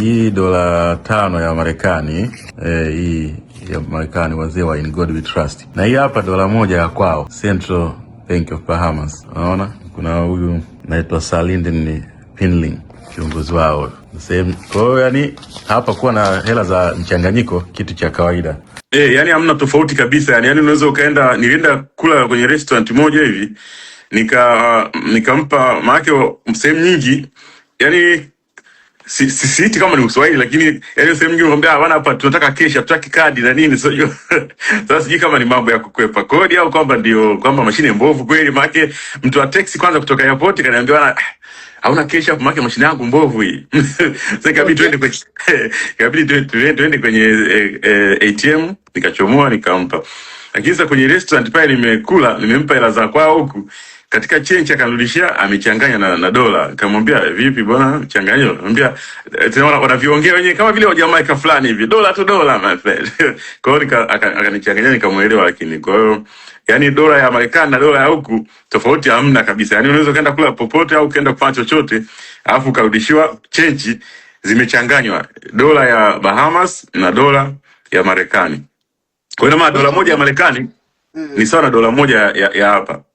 hii dola tano ya Marekani eh, hii ya Marekani wazee wa In God We Trust, na hii hapa dola moja ya kwao Central Bank of Bahamas. Unaona kuna huyu naitwa Salindin Pinling kiongozi wao sehemu. Kwa hiyo yani hapa kuwa na hela za mchanganyiko kitu cha kawaida. E, yani hamna tofauti kabisa yani, yani unaweza ukaenda, nilienda kula kwenye restaurant moja hivi nika nikampa maake sehemu nyingi yani si si si, kama ni Uswahili, lakini yaani sehemu nyingine wanaambia hapana, hapa tunataka kesha, tutaki kadi na nini. Sio sasa, sijui kama ni mambo ya kukwepa kodi au kwamba ndio kwamba mashine mbovu kweli. Maana mtu wa taxi kwanza kutoka airport kaniambia ana hauna kesha hapo, maana mashine yangu mbovu hii. Sasa kabidi twende kwenye kabidi twende twende kwenye e, e, ATM nikachomoa nikampa, lakini sasa kwenye restaurant pale nimekula nimempa hela za kwao huku katika chenji akanirudishia, amechanganya na, na dola. Nikamwambia vipi bwana, changanyo? Anambia tena wanaviongea wenyewe kama vile wa Jamaica fulani hivi, dola tu dola, my friend. Kwa hiyo akanichanganya, nikamuelewa, lakini kwa hiyo yani dola ya Marekani na dola ya huku tofauti hamna kabisa. Yani unaweza kaenda kula popote au kaenda kufanya chochote, alafu ukarudishiwa change zimechanganywa, dola ya Bahamas na dola ya Marekani. Kwa hiyo dola moja ya Marekani mm. ni sawa na dola moja ya hapa.